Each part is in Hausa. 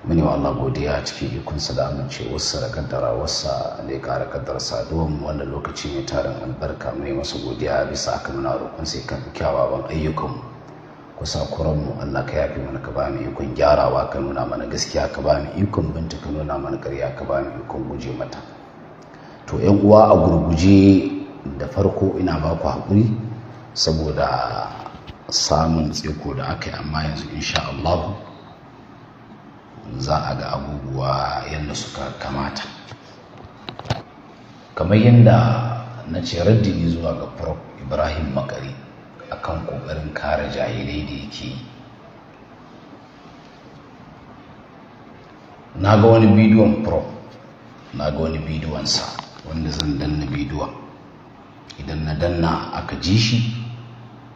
muni wa Allah godiya cikin ikonsa da amincewarsa da kaddarawarsa da ya ƙara kaddarsa mu wanda lokaci mai tarin albarka mai masa godiya bisa aka muna roƙon sai kan kyawawan ayyukanmu kusa mu Allah ka yafi mana ka ba mu ikon gyarawa ka nuna mana gaskiya ka ba mu ikon binta ka nuna mana ƙarya ka ba mu ikon guje mata to yan uwa a gurguje da farko ina ba ku haƙuri saboda samun tsiko da aka yi amma yanzu insha Allah za a ga abubuwa yadda suka kamata kamar yadda na ce raddini zuwa ga prof ibrahim makari akan kokarin kare jahilai da yake yi na ga wani bidiyon prof na ga wani bidiyonsa wanda zan danna bidiyon idan na danna aka ji shi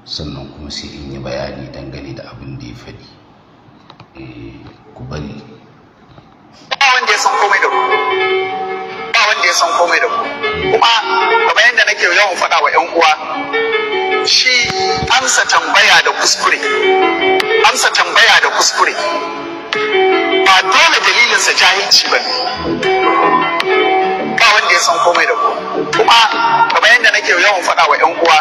sannan kuma sai in yi bayani dangane da abin da ya faɗi Eh, ku bari ba wanda ya san komai da ku ba wanda ya san komai da ku kuma kamar yadda nake yawan faɗa wa ƴan uwa shi amsa tambaya da kuskure amsa tambaya da kuskure ba dole dalilinsa jahilci ba ba wanda ya san komai da ku kuma kamar yadda nake yawan faɗa wa 'yan uwa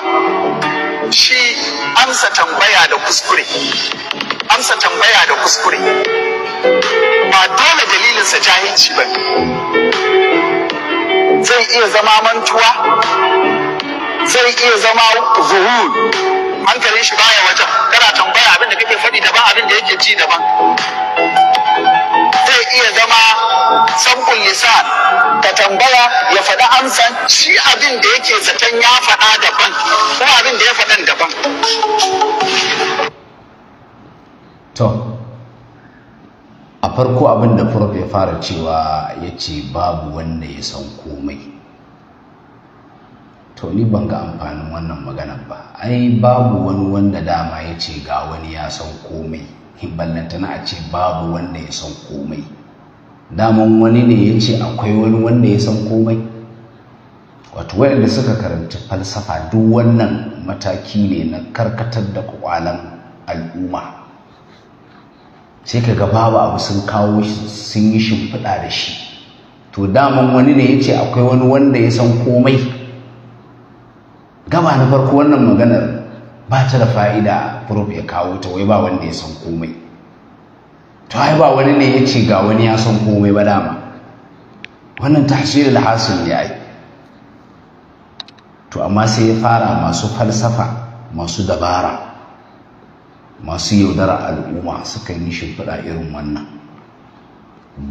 shi amsa tambaya da kuskure amsa tambaya da kuskure ba dole dalilinsa jahilci ba zai iya zama mantuwa zai iya zama zuhul hankalin shi baya wajen kana tambaya abin da kake faɗi daban abin da yake ji daban zai iya zama sabbin lisan ka tambaya ya faɗi amsan shi abin da yake zaton ya faɗa daban ko abin da ya faɗan daban to a farko abin da prof ya fara cewa ya ce babu wanda ya san komai to ni ban ga amfanin wannan magana ba ai babu wani wanda dama ya ce ga wani ya san komai ballantana a ce babu wanda ya san komai daman wani ne ya ce akwai wani wanda ya san komai wato waɗanda suka karanta falsafa duk wannan mataki ne na karkatar da kwakwalan al'umma sai ka ga babu abu sun kawo sun yi shimfiɗa da shi to daman wani ne ya ce akwai wani wanda ya san komai gaba na farko wannan maganar ba ta da fa'ida prof ya kawo ta wai ba wanda ya san komai to ai ba wani ne ya ce ga wani ya san komai ba dama wannan ta da hasil ne ai to amma sai ya fara masu falsafa masu dabara masu yaudara al'umma suka yi shimfiɗa irin wannan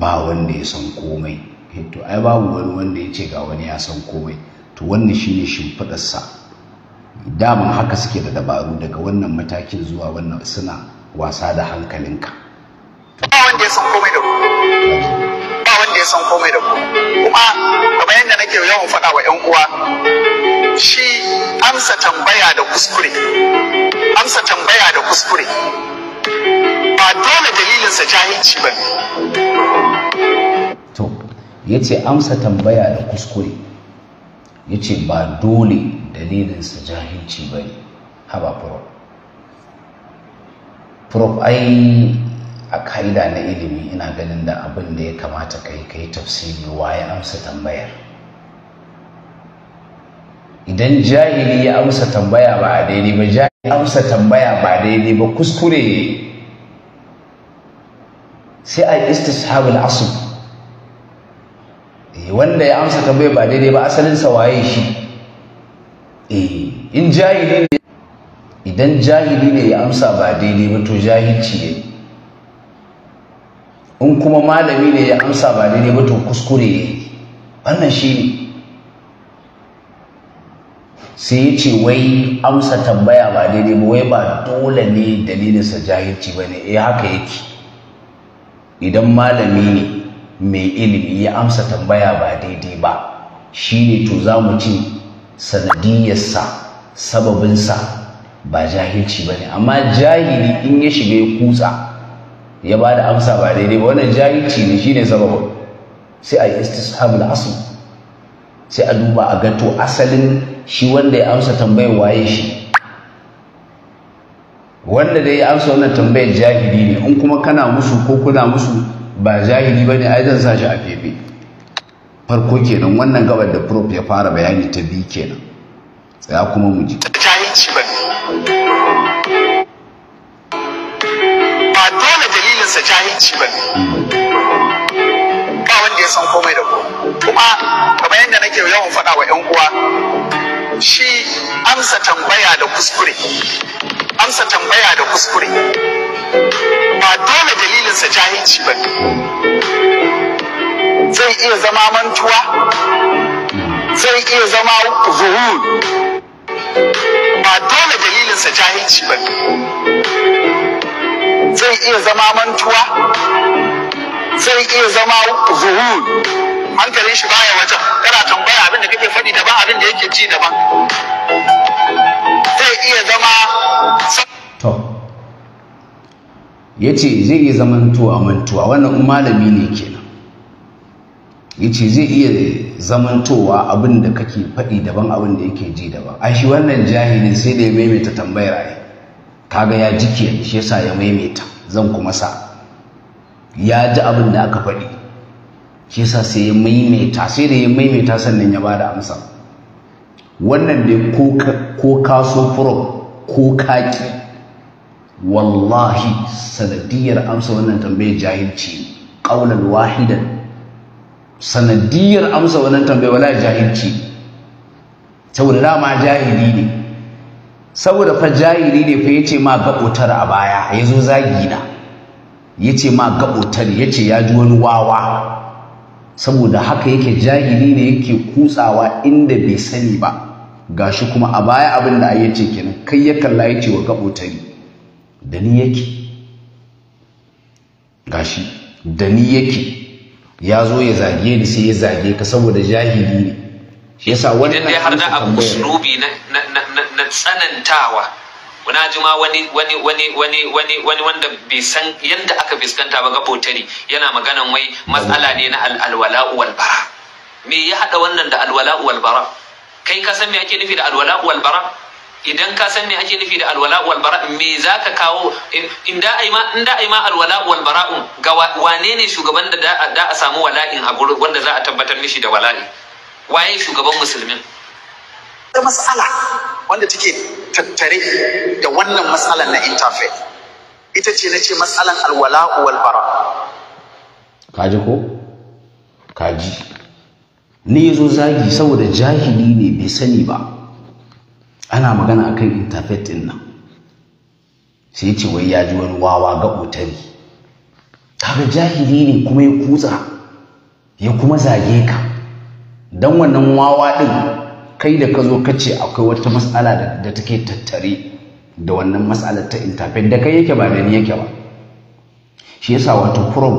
ba wanda ya san komai to ai babu wani wanda ya ce ga wani ya san komai to wannan shine shimfiɗarsa daman haka suke da dabaru daga wannan matakin zuwa wannan suna wasa da hankalinka ba wanda ya san komai da ba wanda ya san komai da kuma kamar yadda nake yawan faɗa wa 'yan uwa shi amsa tambaya da kuskure amsa tambaya da kuskure ba dole dalilinsa jahilci ba to ya ce amsa tambaya da kuskure ya ce ba dole dalilinsa jahilci ba ne haba prof prof ai a ka'ida na ilimi ina ganin da abin da ya kamata ka yi ka yi tafsiri waye amsa tambayar idan jahili ya amsa tambaya ba a daidai ba jahili ya amsa tambaya ba daidai ba kuskure ne sai a istishabul asl eh, wanda ya amsa tambaya ba daidai ba asalin sa waye shi eh, in jahili ne idan jahili ne ya amsa ba daidai ba to jahilci ne in kuma malami ne ya amsa ba daidai ba to kuskure ne wannan shi ne sai ya ce wai amsa tambaya ba daidai ba wai ba dole ne dalilinsa jahilci ba ne eh haka yake idan malami ne mai ilimi ya amsa tambaya ba daidai ba shi ne to za mu ce sanadiyarsa sababinsa ba jahilci ba ne amma jahili in ya shiga ya kutsa ya ba da amsa ba daidai ba wannan jahilci ne shi ne sababin sai a yi istishabul asl sai a duba a gato asalin shi wanda ya amsa tambayar waye shi wanda da ya amsa wannan tambayar jahili ne in kuma kana musu ko kuna musu ba jahili ba ne ai zan sa shi a fefe farko kenan wannan gabar da prof ya fara bayani ta biyu kenan tsaya kuma mu ji ba dole dalilinsa jahilci ba ne hmm. ke san komai da komai kuma kamar yadda nake yawan faɗa wa 'yan uwa shi amsa tambaya da kuskure amsa tambaya da kuskure ba dole dalilinsa jahilci ba zai iya zama mantuwa zai iya zama zuhun? ba dole dalilinsa jahilci ba zai iya zama mantuwa zai iya zama zuhul hankalin shi baya wajen kana tambaya abin da kake faɗi daban abin da yake ci daban zai iya zama to ya ce zai iya zamanto a mantuwa wannan malami ne kenan ya ce zai iya zamantowa abin da kake faɗi daban abin da yake ji daban a shi wannan jahilin sai da ya maimaita tambayar ai kaga ya jike shi yasa ya maimaita zan kuma sa ya ji abin da aka faɗi shi yasa sai ya maimaita sai da ya maimaita sannan ya bada amsa wannan dai ko ka so furo ko ka ki wallahi sanadiyar amsa wannan tambayar jahilci ƙaunar wahidan sanadiyar amsa wannan tambayar wala jahilci saboda dama jahili ne saboda fa jahili ne fa yace ma gaɓotar a baya ya zo zagi na yace ma gabotar ya ce ya ji wani wawa saboda haka yake jahili ne yake kutsawa inda bai sani ba gashi kuma a baya abin da ya ce kenan kai ya kalla ya ce wa da ni yake gashi da ni yake ya zo ya zage ni sai ya zage ka saboda jahili ne shi yasa wani har harda abu na tsanantawa wani ji ma wani wani wani wani wani wani wanda bai san yadda aka fuskanta ba gabotari yana maganan wai matsala ne na alwala wal bara me ya hada wannan da alwala wal bara kai ka san me ake nufi da alwala wal bara idan ka san me ake nufi da alwala wal bara me zaka kawo in da ai ma in da ai ma alwala wal bara'un ga wane ne shugaban da da a samu wala'in a gurin wanda za a tabbatar mishi da wala'i waye shugaban musulmin da matsala wanda take tattare da wannan matsalan na interfaith ita ce na ce matsalan alwala wal bara kaji ko kaji ne yazo zagi saboda jahili ne bai sani ba ana magana akan interfaith din nan sai ce wai ya ji wani wawa ga otari kaga jahili ne kuma ya kutsa ya kuma zage ka dan wannan wawa din kai da ka zo ka ce akwai wata matsala da take tattare da wannan matsalar ta interfaith da kai yake ba da ni yake ba shi yasa wato prom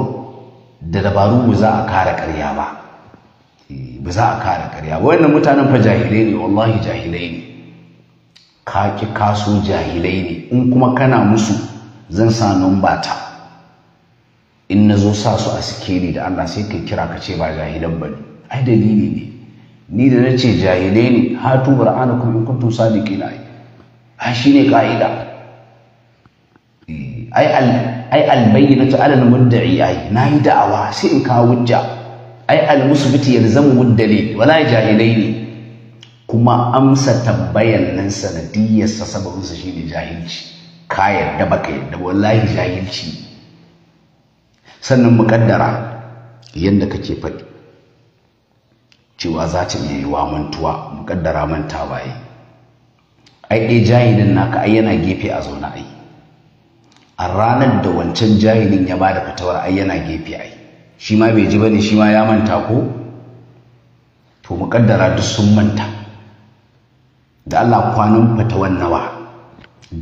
da dabaru ba za a kara karya ba eh, ba za a kara karya ba wannan mutanen fa jahilai ne wallahi jahilai ne ka ki kaso jahilai ne in kuma kana musu zan sa numba ta in na zo sa su a ni da Allah sai ka kira ka ce ba jahilan bane ai dalili ne ni da nace jahilai ne hatu kuma in kuntum sadiqina yi. a shi ne ka'ida eh, ai al na ala al-mudda'i ai yi da'awa sai in kawo wujja ai al-musbiti yalzamu muddali wala jahilai ne kuma amsa tambayan nan sanadiyarsa sababinsa shi ne jahilci ka yarda baka yarda wallahi jahilci sannan muƙaddara yadda kake faɗi cewa za ta iya wa mantuwa muƙaddara manta baye ai ɗaya jahilin naka ai yana gefe a zaune ai a ranar da wancan jahilin ya ba da fitawar ai yana gefe ai shi ma bai ji bane shi ma ya manta ko to muƙaddara duk sun manta da Allah kwanan fatawar nawa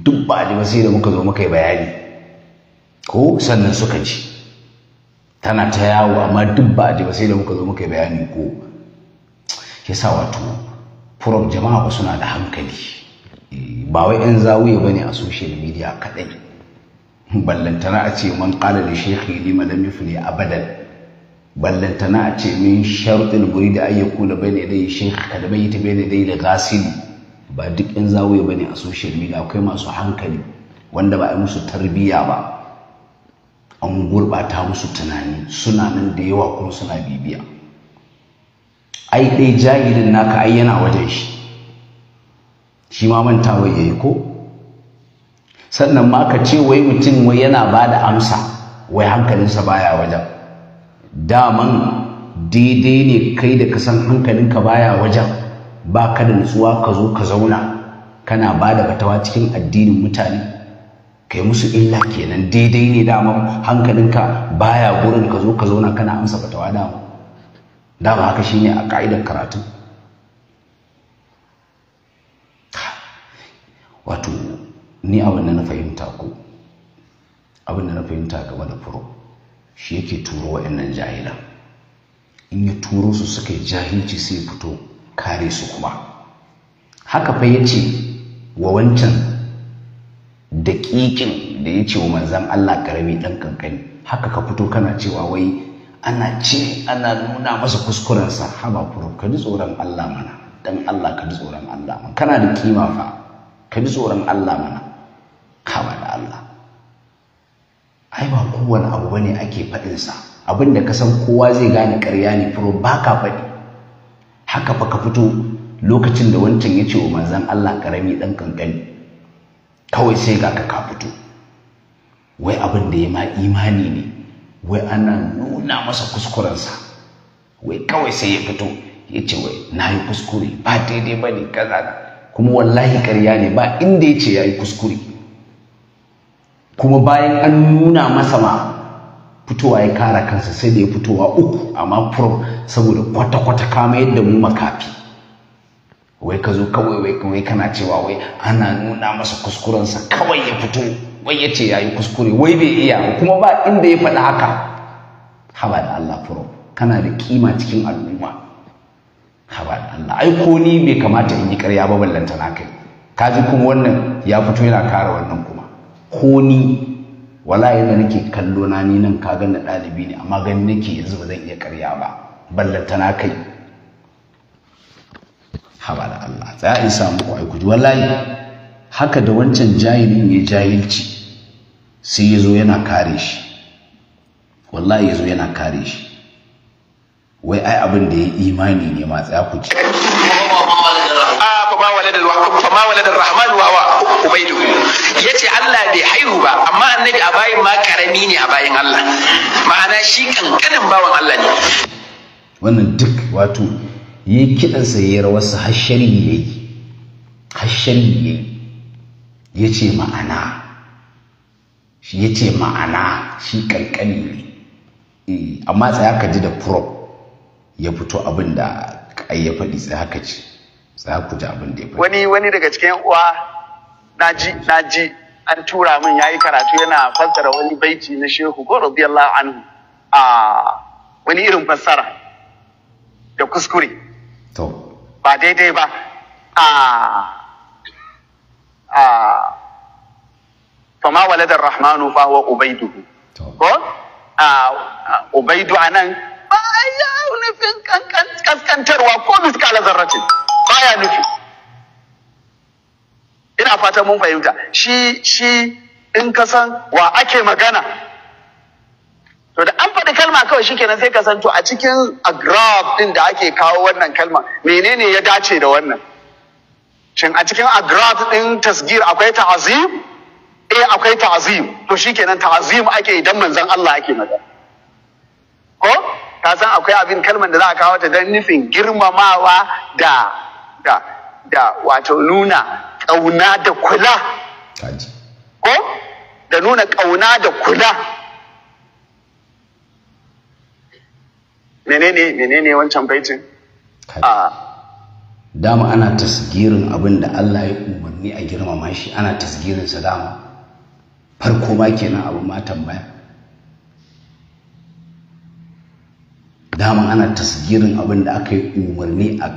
duk ba a sai da muka zo muka yi bayani ko sannan suka ji tana ta yawo amma duk ba a sai da muka zo muka yi bayani ko ke sa wato furof jama'a ba suna da hankali ba wai 'yan zawiya ba ne a social media kaɗai ballantana a ce man ƙala da shekhi lima lam yufli abadan ballantana a ce min sharuɗin guri da ayyar kula bai ne dai shekhi kada bai ta bai ne dai da gasili ba duk 'yan zawiya ba ne a social media akwai masu hankali wanda ba a yi musu tarbiyya ba an gurɓata musu tunani suna nan da yawa kuma suna bibiya ai dai jahilin naka ai yana wajen shi shi ma manta wai yayi ko sannan ma ka ce wai mutum wai yana ba da amsa wai hankalinsa baya wajen Dama daidai ne kai da ka san hankalinka baya wajen ba ka da nutsuwa ka zo ka zauna kana ba da fatawa cikin addinin mutane kai musu illa kenan daidai ne daman hankalinka baya gurin ka zo ka zauna kana amsa fatawa daman dama haka shine a ka'idar karatu wato ni abin da na fahimta ko abin da na fahimta game da furo shi yake turo wa'annan jahilan in ya turo su suka yi jahilci sai fito kare su kuma haka fa yace wa wancan daƙiƙin da ya ce wa manzan Allah karami ɗan ƙanƙani haka ka fito kana cewa wai ana ce ana nuna masa kuskurensa haba kuro ka ji tsoron Allah mana dan Allah ka ji tsoron Allah mana kana da kima fa ka ji tsoron Allah mana haba da Allah ai ba kowane abu bane ake faɗin sa abinda ka san kowa zai gane ƙarya ne furo baka faɗi haka fa ka fito lokacin da wancan ya ce wa manzon Allah karami dan kankani kawai sai ga ka fito wai abin da ya ma imani ne wai ana nuna masa kuskurensa wai kawai sai ya fito ya ce wai na yi kuskure ba daidai ba ne kaza kuma wallahi karya ne ba inda ya ce ya yi kuskure kuma bayan an nuna masa ma fitowa ya kara kansa sai da ya fitowa uku amma pro saboda kwata-kwata kama yadda mu makafi wai ka zo kawai wai kana cewa wai ana nuna masa kuskurensa kawai ya fito wai ya ce ya yi kuskure wai bai iya kuma ba inda ya faɗi haka haba da Allah furo kana da kima cikin al'umma haba da Allah ai ko ni bai kamata in yi karya ba ballanta na kai kaji kuma wannan ya fito yana kara wannan kuma ko ni wala yadda nake kallo na ni nan ka na ɗalibi ne amma gani nake yanzu ba zan iya karya ba ballanta na kai haba da Allah tsaya in samu ku aikuji wallahi haka da wancan jahilin ya jahilci sai ya zo yana kare shi wallahi ya zo yana kare shi wai ai abin da ya imani ne ma tsaya ku ci ya ce Allah bai haihu ba amma annabi a bayan ma karami ne a bayan Allah ma'ana shi kankanin bawan Allah ne wannan duk wato yi kiɗansa ya yi rawarsa hashari ya yi hashari ya yi ya ce ma'ana shi ya ce ma'ana shi ƙanƙani ne eh, amma tsaya ka ji da prop ya fito abin da ya faɗi tsaya ka ci tsaya ku ji abin da ya faɗi wani wani daga cikin uwa naji naji an tura min yayi karatu yana fassara wani baiti na shehu ko radiyallahu anhu a wani irin fassara da kuskure to ba daidai ba a a fama waladar rahmanu fa wa Ubaidu. ko a ubaidu anan ba ya nufin kaskantarwa ko miskala zarratin ya nufi ina fata mun fahimta shi shi in ka san wa ake magana to da an faɗi kalma kawai shi kenan sai ka san to a cikin agrab din da ake kawo wannan kalma menene ya dace da wannan shin a cikin agrad din tasgir akwai ta'azim eh akwai ta'azim to shi shikenan ta'azim ake idan manzon Allah ake magana ko ka san akwai abin kalmar da za a kawo ta dan nufin girmamawa da da da wato nuna ƙauna da kula ko da nuna ƙauna da kula menene menene wancan baitin a dama ana tasgirin abin da Allah ya umarni a girmama shi ana tasgirin sa dama farko ma kenan abu ma tambaya dama ana tasgirin abin da aka yi umarni a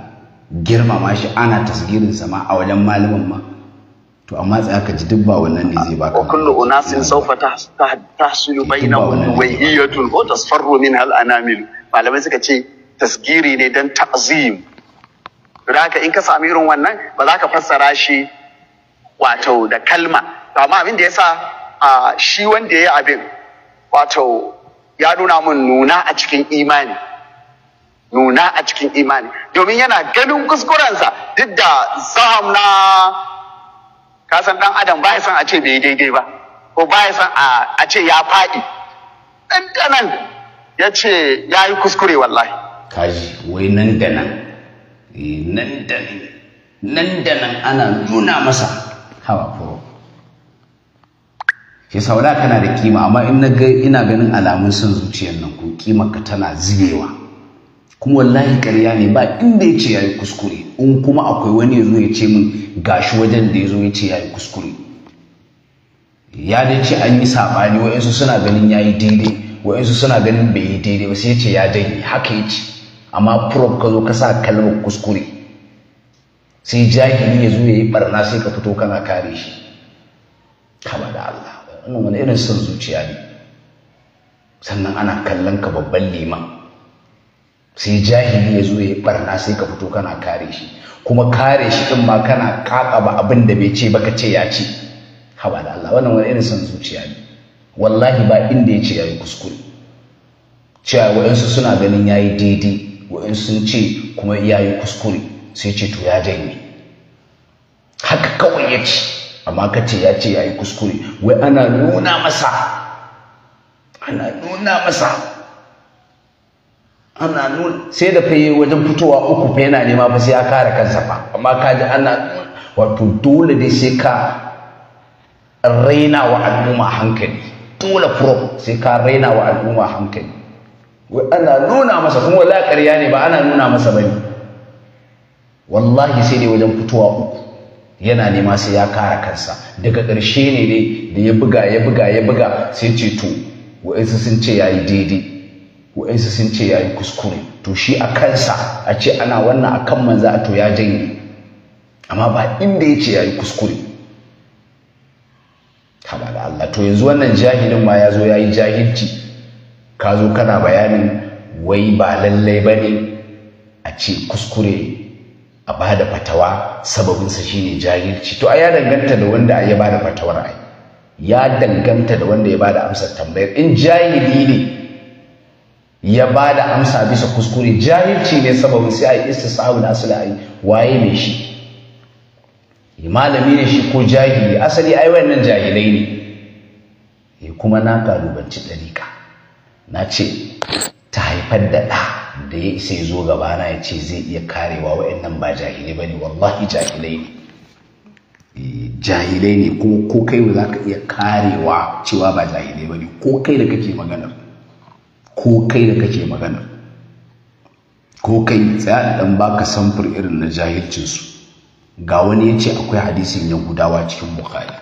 girmama shi ana tasgirin sa ma a wajen malamin ma to amma tsaya ka ji duk ba wannan ne zai baka kullu unasin sawfa tahsulu bainahum wayhiyatun wa tasfarru minha al-anamil malamai suka ce tasgiri ne dan ta'zim don in ka sami irin wannan ba za ka fassara shi wato da kalma amma abin da ya sa a shi wanda ya yi abin wato ya nuna mun nuna a cikin imani nuna a cikin imani domin yana ganin kuskurensa duk da zaham na kasan dan adam ba ya san a ce bai daidai ba ko ba ya san a ce ya faɗi ɗanɗanan ya ce ya yi kuskure wallahi kaji wai nan da nan Eh, nan da nan ana nuna masa hawa furo ke saura kana da kima amma ina ganin alamun son zuciyar nan ko kimar ka tana zubewa. kuma wallahi karya ne ba inda ya ce ya yi kuskure in kuma akwai wani ya zo ya ce min gashi wajen da ya zo ya ce ya yi kuskure ya dai ce an yi saɓani wa'insu suna ganin ya yi daidai wa'insu suna ganin bai yi daidai ba sai ya ce ya dai haka ya ce amma prop ka zo ka sa kalmar kuskure sai jahili ya zo ya yi barna sai ka fito kana kare shi kama da Allah wannan wani irin son zuciya ne sannan ana kallon ka babban liman sai jahili ya zo ya yi barna sai ka fito kana kare shi kuma kare shi din ma kana ba abin da bai ce baka ce ya ce kama da Allah wannan wani irin son zuciya ne wallahi ba inda ya ce ya yi kuskure cewa waɗansu suna ganin ya yi daidai wa'in sun ce kuma ya yi kuskure sai ce to ya janye haka kawai ya ce amma ka ce ya ce ya yi kuskure wai ana nuna masa ana nuna masa ana nuna sai da faye wajen fitowa uku fa yana nema ba sai ya kare kansa ba amma ka ji ana wato dole dai sai ka raina wa al'umma hankali dole furo sai ka raina wa al'umma hankali ana nuna masa kuma wala ƙarya ne ba ana nuna masa bane wallahi sai dai wajen fitowa uku yana nema sai ya kara kansa daga ƙarshe ne dai da ya buga ya buga ya buga sai ce to wa'insu sun ce ya yi daidai wa'insu sun ce ya yi kuskure to shi a kansa a ce ana wannan a kan manza a to ya janye amma ba inda ya ce ya yi kuskure kama da Allah to yanzu wannan jahilin ma ya zo ya yi jahilci ka zo kana bayanin wai ba lallai ba ne a ce kuskure a ba da fatawa sababinsa shine jahilci to a ya danganta da wanda ya ba da fatawar ai ya danganta da wanda ya ba da amsar tambayar in jahili ne ya ba da amsa bisa kuskure jahilci ne sababin sai a yi istisahu da asali a yi waye ne shi malami ne shi ko jahili asali ai wannan jahilai ne eh, kuma na kalubanci ɗarika. na ce ta haifar da ɗa da ya isa ya zo na ya ce zai iya karewa waɗannan ba jahilai ba ne wallahi jahilai ne eh, jahilai ne kuma ko kai ba za ka iya karewa cewa ba jahilai ba ne ko kai da kake maganar ko kai da kake maganar ko kai tsaya da ɗan baka samfur irin na jahilcinsu ga wani ya ce akwai hadisin yahudawa cikin bukari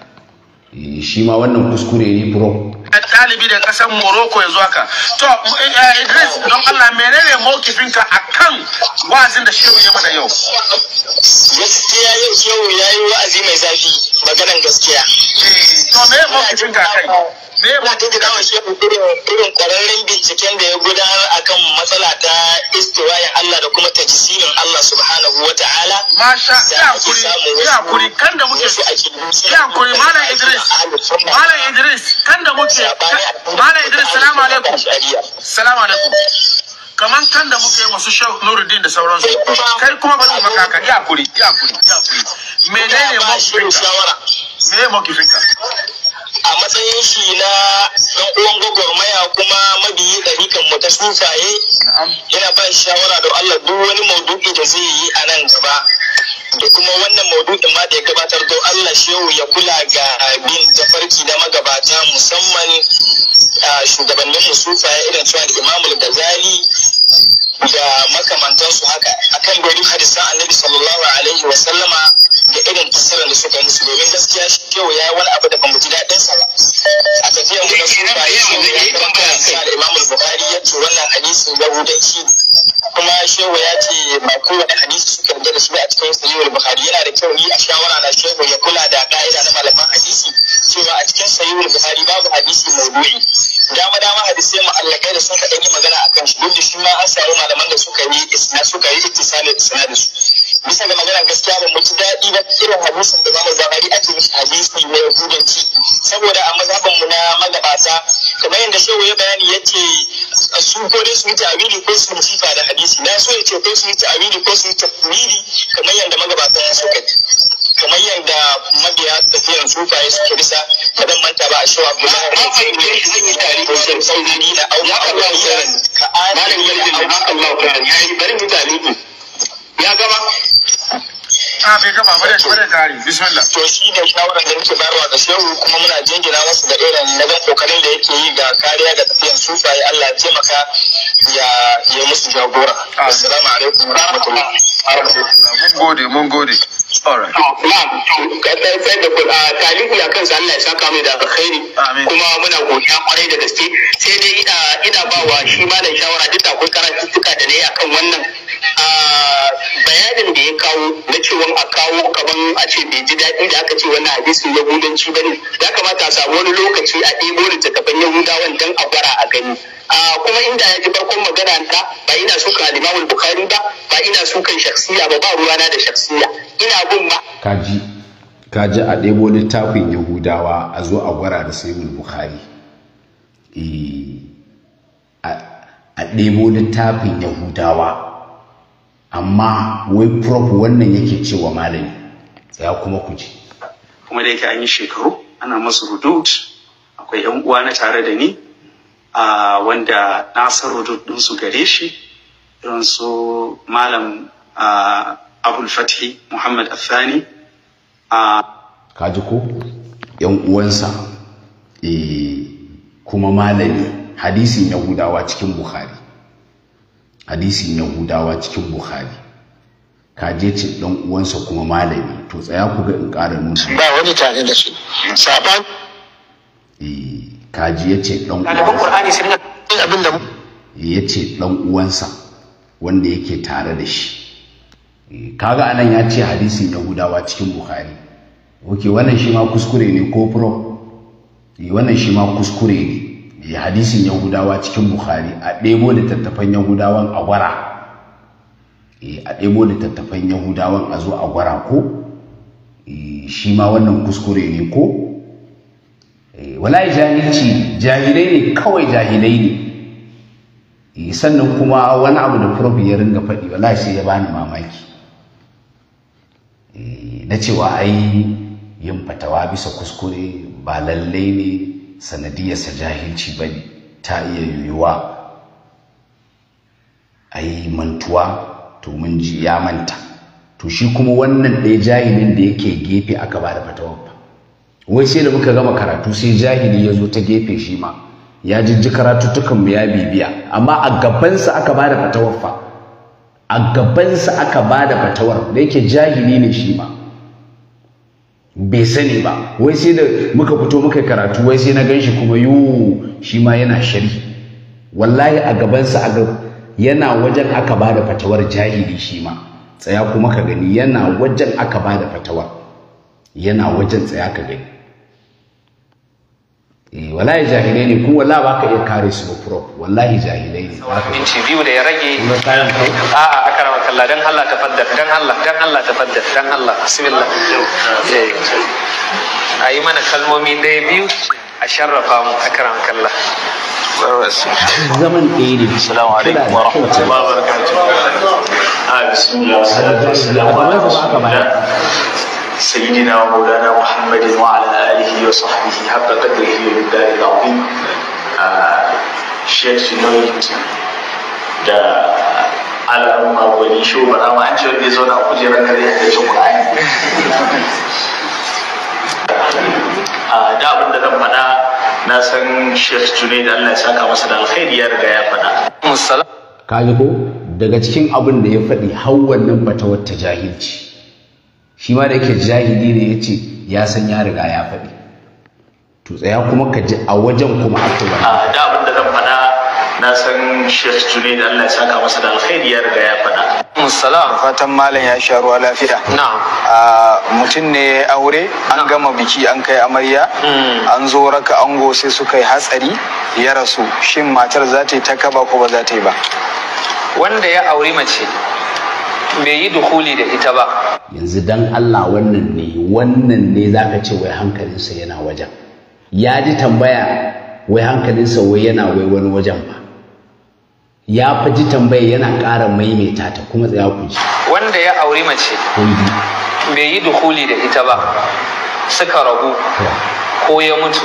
eh, shi ma wannan kuskure ne bro Talibi da kasar Morocco ya zuwa ka. To eh, eh, Idris don Allah menene ka akan wa'azin da shehu ya mana yau? Gaskiya yau shehu ya yi wa'azi mai zafi maganan gaskiya. Eh, to me ka kai? Muna jinjina shehu irin kwararren binciken da ya gudanar akan matsala ta istiwayin Allah da kuma tajisirin Allah subhanahu wa ta'ala. Masha, ya kuri, ya kuri, kan da muke, ya kuri, Malam Idris, Malam Idris, kan da muke, Malam Idris, salamu alaikum, salamu alaikum. Kaman kan da muke masu shehu Nuruddin da sauransu, kai kuma ba zai makaka, ya kuri, ya kuri, ya kuri. Menene mafi shawara? Me mafi finka? a matsayin shi na dan uwan gwagwarmaya kuma mabiyi ɗarikan mu ta sufaye yana ba shi shawara da Allah duk wani maudu'i da zai yi a nan gaba da kuma wannan maudu'in ma da ya gabatar don Allah shehu ya kula ga bin tafarki na magabata musamman shugabannin mu sufaye irin su al gazali ghazali da makamantansu haka akan gari hadisan Annabi sallallahu alaihi wa sallama da irin fassarar da suka musu domin gaskiya shi kyau ya yi wani abu da bamu ji daɗin sa ba a tafiyar mu na sufaye mu ne ya kan sa da imamul bukari ya ce wannan hadisin yahudanci ne kuma shehu ya ce ba kowane hadisi suka yarda da su a cikin sahihul bukhari yana da kyau ni a shawara na shehu ya kula da ka'ida na malaman hadisi cewa a cikin sahihul bukhari babu hadisi maudu'i dama dama mu mu'allakai da sun ka magana akan shi duk da shi ma an samu malaman da suka yi isna suka yi ittisalin isna da su bisa ga magana gaskiya ba mu ci daɗi ba irin hadisin da zamu zabari a cikin hadisi mai hudanci saboda a mazhabin mu na magabata kamar yadda shehu ya bayani yace su ko dai su yi tawili ko su sifa da hadisi na so ya ce ko su yi amini ko su yi tafwili kamar yadda magabatan suka yi kamar yadda mabiya tafiyan sufaye suke bisa kadan manta ba a shawa kuma a yi ne zan yi tare ko sai sauri na ka yi Allah yi ya yi bari mu talibi ya gama a ah, bai gama ba da shi da kare bismillah to shi da shawaran da yake bayarwa da shehu kuma muna jingina masa da irin na ga kokarin da yake yi ga kariya da tafiyan sufaye Allah ya taimaka ya ya musu jagora ah. assalamu alaikum wa rahmatullahi mun gode mun gode alright sai da kuma, ah, talibu ya kansa Allah ya saka mai da alkhairi kuma muna godiya kwarai da gaske sai dai ina ba wa shi malam shawara duk da akwai karatu da ne akan wannan bayanin da ya kawo na cewa a kawo kamar a ce bai ji daɗi da aka ce wannan hadisin yahudanci ba ne ya kamata a samu wani lokaci a ɗebo littattafan yahudawan don a gwara a gani kuma inda ya ji farkon magana ta ba ina halima wani bukari ba ba ina kan shaksiya ba ba ruwana da shaksiya ina bin ba. kaji kaji a ɗebo littafin yahudawa a zo a gwara da sayyid bukhari eh, a ɗebo littafin yahudawa amma wai prof wannan yake cewa malami ya kuma kuje kuma da yake an yi shekaru ana masu rudut, akwai yan uwa na tare da ni a wanda na san rudud din su gare shi irin su malam abul fathi muhammad Afani. a kaji ko yan uwansa eh, kuma malami hadisin yahudawa cikin bukhari hadisin yahudawa cikin bukhari kaje ce dan uwansa kuma malami to tsaya ku ga in ƙara nuna ba wani tare da su saban eh ya ce dan uwansa Qur'ani sunna abin da eh, ce dan uwansa wanda yake tare da shi eh, kaga anan ya ce hadisin yahudawa cikin bukhari oke wannan shi ma kuskure ne ko pro eh, wannan shi ma kuskure ne hadisin yahudawa cikin bukhari a ɗebo tattafan yahudawan a gwara eh, a ɗebo tattafan yahudawan a zo a gwara ko eh, shi ma wannan kuskure ne ko eh, wala jahilci jahilai ne kawai jahilai ne sannan kuma wani abu da prof ya ringa faɗi wala sai ya bani mamaki na cewa ai yin fatawa bisa kuskure ba lallai ne sanadiyarsa jahilci ba ta iya yiwuwa a yi mantuwa to mun ji ya manta to shi kuma wannan ɗaya jahilin da yake gefe aka ba da fatawar ba wai sai da muka gama karatu sai jahili ya zo ta gefe shi ma ya jijji karatuttukan mu ya bibiya amma a gabansa aka ba da fatawar fa a gabansa aka ba da fatawar da yake jahili ne shi ma bai sani ba wai sai da muka fito muka karatu wai sai na ganshi kuma yo shi ma yana shari wallahi a gabansa a gab yana wajen aka ba da fatawar jahili shi ma tsaya kuma ka gani yana wajen aka ba da fatawar yana wajen tsaya ka gani eh wallahi jahilai ne kuma wallahi baka iya kare su ba prof wallahi jahilai ne minti biyu da ya rage a'a Allah dan Allah ka faddar dan Allah dan Allah ka faddar dan Allah bismillah a yi mana kalmomi ɗaya biyu a sharrafa mu akram kallah zaman ɗaya ne assalamu alaikum wa rahmatullahi wa barakatuh bismillah wa salatu wa salam سيدنا ومولانا محمد وعلى آله وصحبه حق قدره ومقدار العظيم الشيخ سنويت da alamun magwani shi ba na ma an ce wanda ya zauna a kujerar kare ya dace Qur'ani a da abin da zan faɗa na san Sheikh Junaid Allah ya saka masa da alkhairi ya riga ya faɗa kaji ko daga cikin abin da ya faɗi har wannan fatawar wata jahilci shi ma da yake jahili ne ya ce ya san ya riga ya faɗi to tsaya kuma ka ji a wajen kuma aka wani na san Sheikh Junaid Allah ya saka masa da alkhairi ya riga ya faɗa. Musalam. Fatan malam ya sha ruwa lafiya. Na'am. Ah, mutum ne aure an gama biki an kai amarya hmm. an zo raka ango sai suka yi hatsari ya rasu shin matar za ta yi ta kaba ko ba za ta yi ba. Wanda ya auri mace bai yi dukuli da ita ba. Yanzu dan Allah wannan ne wannan ne za ka ce wai hankalinsa yana wajen. Ya ji tambaya wai hankalinsa wai yana wai wani wajen ba. ya faji tambayi yana ƙara maimaita ta kuma tsaya ku ji wanda ya auri mace bai yi dukuli da ita ba suka rabu ko ya mutu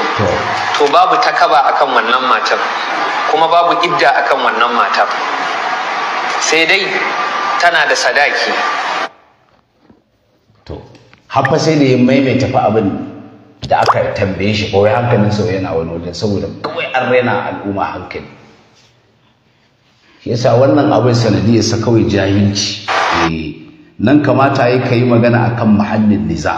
to babu takaba akan wannan matar kuma babu idda akan wannan matar sai dai tana da sadaki to haka sai da ya maimaita fa abin da aka tambaye shi kawai hankalin sau yana wani wajen saboda kawai an raina al'umma hankali yasa wannan abin sanadiyarsa kawai jahilci eh, nan kamata ya yi magana akan muhallin niza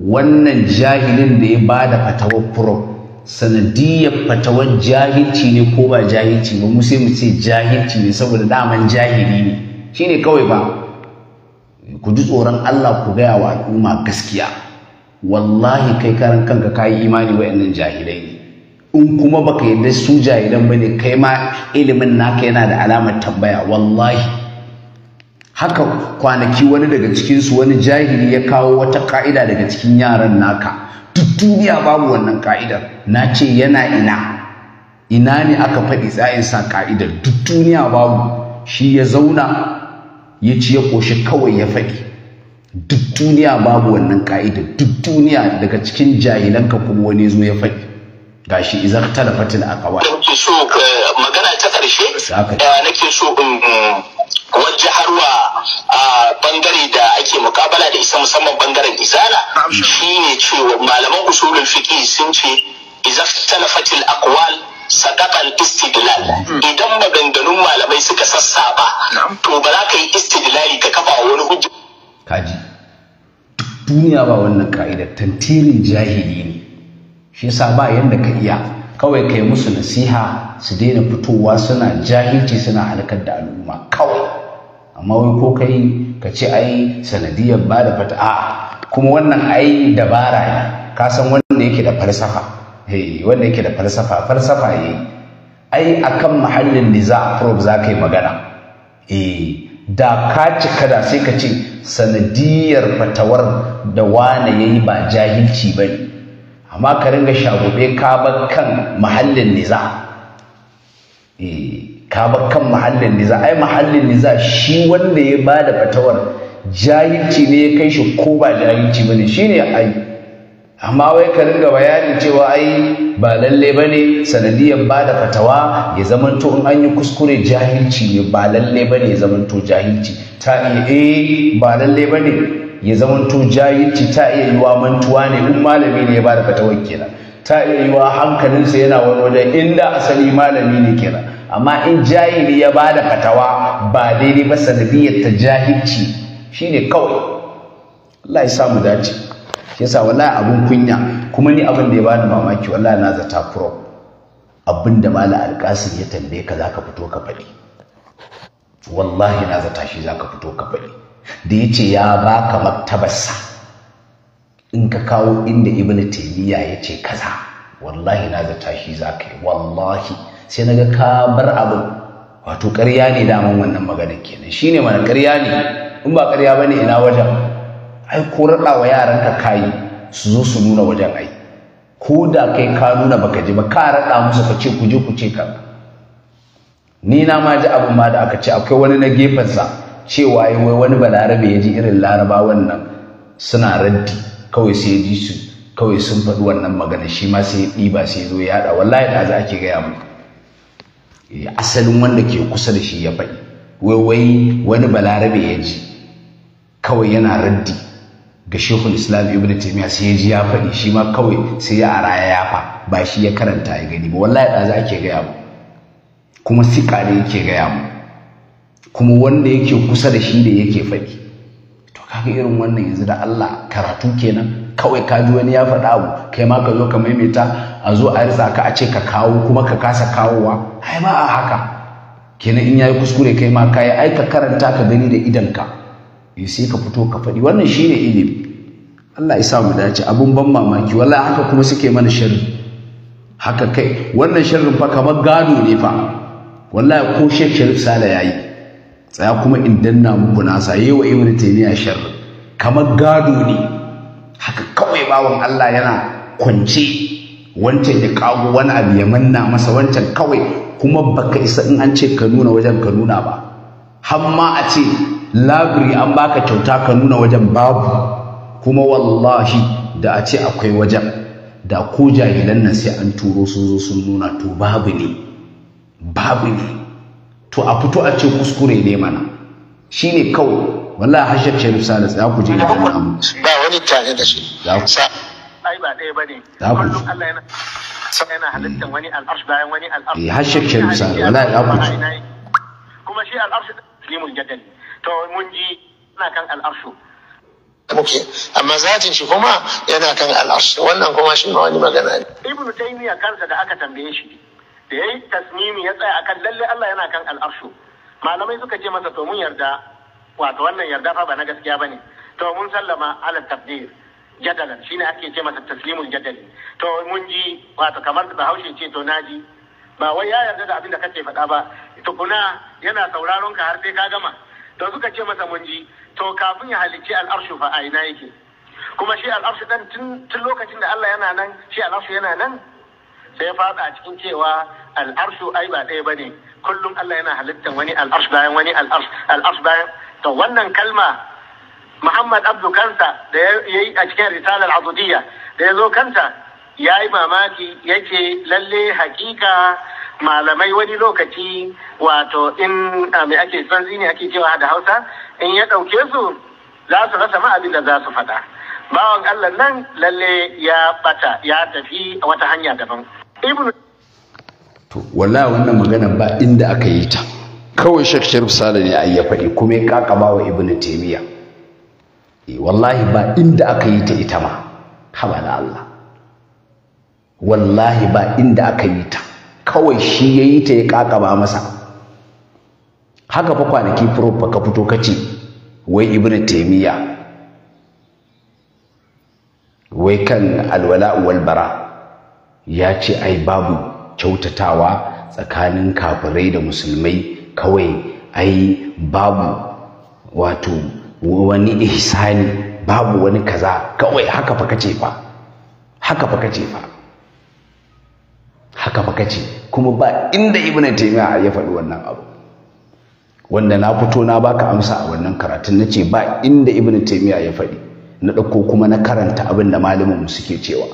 wannan jahilin da ya ba da fatawar furof sanadiyar fatawar jahilci ne ko ba jahilci ba mu sai mu ce jahilci ne saboda daman jahili ne Shi ne kawai ba ku ji tsoron Allah ku gaya wa al'umma gaskiya wallahi kai karan kanka kayi imani wa'annan jahilai ne in kuma baka yarda su jahilan bane kai ma ilimin naka yana da alamar tambaya wallahi haka kwanaki wani daga cikinsu wani jahili ya kawo wata ka'ida daga cikin yaran naka duk duniya babu wannan ka'idar na ce yana ina ina ne aka faɗi tsayin sa ka'idar duk duniya babu shi ya zauna ya ci ya ƙoshi kawai ya faɗi duk duniya babu wannan ka'idar duk duniya daga cikin jahilanka kuma wani zo ya faɗi gashi izar a kawai. nake so eh, magana ta ƙarshe, na eh, nake so in mm, harwa a bangare da ake mukabala da isa musamman bangaren izala shine cewa malaman usulun fiki sun ce idza a aqwal sakakan istidlal hmm. idan maganganun malamai suka ba to ba za ka yi istidlali ka kafa wani hujja kaji duniya ba wannan ka'idar tantirin jahili ne shi yasa ba yanda ka iya kawai kai musu nasiha su daina fitowa suna jahilci suna halakar da al'umma kawai amma wai ko kai ka ce ai sanadiyar ba da fata a kuma wannan ai dabara ne ka san wanda yake da falsafa wanda yake da falsafa falsafa ne ai akan mahallin a prob za ka yi magana eh da ka cika da sai ka ce sanadiyar fatawar da wane ya yi ba jahilci ba ne amma ka ringa shagube ka bar kan mahallin niza eh, ka bar kan mahallin niza ai mahallin niza shi wanda ya bada da fatawar jahilci ne ya kai shi ko ba jahilci ba ne shi ai amma wai ka ringa bayanin cewa ai ba lalle ba ne sanadiyar ba fatawa ya zamanto in an yi kuskure jahilci ne ba lalle ba ne ya zamanto jahilci ta iya eh ba lalle ba ne ya zamanto jahilci ta iya yiwa mantuwa ne in malami ne ya bada fatawar kenan ta iya yiwa hankalinsa yana wani wajen inda asali malami ne kenan amma in jahili ya ba da fatawa ba daidai ba sanadiyar ta jahilci shine kawai Allah ya samu dace shi yasa wallahi abun kunya kuma ni abin da ya bani mamaki wallahi na zata pro abin da mala alkasim ya tambaye ka zaka fito ka faɗi wallahi na zata shi zaka fito ka faɗi da ya ce ya baka maktabarsa in ka kawo inda ibn taymiya ya ce kaza wallahi na zata shi za ka yi wallahi sai na ga ka bar abin wato ƙarya ne daman wannan magana kenan shi ne mana ƙarya ne in ba ƙarya ba ne ina wajen ai ko raɗa wa yaranka kayi su zo su nuna wajen ai ko da kai ka nuna baka ji ba ka raɗa musu ka ce ku je ku ce ka ni na ma ji abin ma da aka ce akwai wani na gefensa cewa yi wai wani balarabe ya ji irin laraba wannan suna raddi kawai sai ji su kawai sun faɗi wannan magana shi ma sai ɗiba sai zo ya haɗa wallahi da za ake gaya mu eh, asalin wanda ke kusa da shi ya faɗi wai wai wani balarabe ya ji kawai yana raddi ga shekul islam ibn taimiyya sai ya ji ya faɗi shi ma kawai sai ya araya ya fa ba shi ya karanta ya gani ba wallahi da za ake gaya mu kuma siƙa ne yake gaya mu kuma wanda yake kusa da shi da yake faɗi to kaga irin wannan yanzu da Allah karatu kenan kawai ka ji wani ya faɗi abu kai ma ka zo ka maimaita a zo a risa ka a ce ka kawo kuma ka kasa kawowa ai ma a haka kenan in yayi kuskure kai ma ka yi ai ka karanta ka gani da idanka eh, sai ka fito ka faɗi wannan shi ne ilimi Allah ya sa mu dace abun ban mamaki wallahi haka kuma suke mana sharri haka kai wannan sharrin fa kamar gado ne fa wallahi ko Sheikh Sharif Sale yi. tsaya kuma in danna muku nasa yi wa ibn taymiya sharri kamar gado ne haka kawai bawan Allah yana kwance wancan ya kago wani abu ya manna masa wancan kawai kuma baka isa in an ce ka nuna wajen ka nuna ba Hamma a ce labiri an baka kyauta ka nuna wajen babu kuma wallahi da a ce akwai wajen da ko jahilan nan sai an turo sun zo sun nuna to babu ne babu ne to a fito a ce kuskure ne mana shi ne kawai wallahi hashar sharif salis za ku je da wani abu ba wani tare da shi za ku ai ba ɗaya ba za ku Allah yana yana halittar wani al'arsh bayan wani al'arsh eh hashar sharif salis wallahi za ku kuma shi al'arsh muslimul jadal to mun ji ana kan al'arshu muke amma zatin shi kuma yana kan al'arsh wannan kuma shi ma wani magana ne ibnu taymiya kansa da aka tambaye shi da ya yi tasmimi ya tsaya akan lalle Allah yana kan al'arshu malamai suka ce masa to mun yarda wato wannan yarda fa ba na gaskiya bane to mun sallama ala tabdir jadalan shine ake ce masa taslimul jadali to mun ji wato kamar da haushe ce to naji ba wai ya yarda da abin da kake faɗa ba tukuna yana sauraron ka har sai ka gama to suka ce masa mun ji to kafin ya halicci al'arshu fa a ina yake kuma shi al'arshu dan tun lokacin da Allah yana nan shi al'arshu yana nan sai faɗa cikin cewa al'arshu ai ba ɗaya bane kullum Allah yana halittar wani al'arsh bayan wani al'arsh bayan to wannan kalma Muhammad Abdu kansa da ya yi a cikin risalar azudiyya da ya zo kanta ya yi mamaki yake lalle hakika malamai wani lokaci wato in mai ake sanzi ne ake cewa da hausa in ya ɗauke su za su rasa ma abin da za su faɗa bawan Allah nan lalle ya bata ya tafi wata hanya daban to wallahi wannan magana ba inda aka yi ta kawai shek sharif sale ne ai ya faɗi kuma ya kakaba wa ibnu taymiya eh, wallahi ba inda aka yi ta ita ma haba da Allah wallahi ba inda aka yi ta kawai shi ya yi ta ya kakaba masa haka fa kwanaki furofa ka fito ka ce wai ibnu taymiya wai kan alwala wal bara ya ce ai babu kyautatawa tsakanin kafirai da musulmai kawai ai babu wato wani ihsani babu wani kaza kawai haka fa kace fa haka fa kace fa haka fa kace kuma ba inda ibn taymiya ya faɗi wannan abu wanda na fito na baka amsa a wannan karatun nace ba inda ibn taymiya ya faɗi na ɗauko kuma na karanta abin da malamin mu suke cewa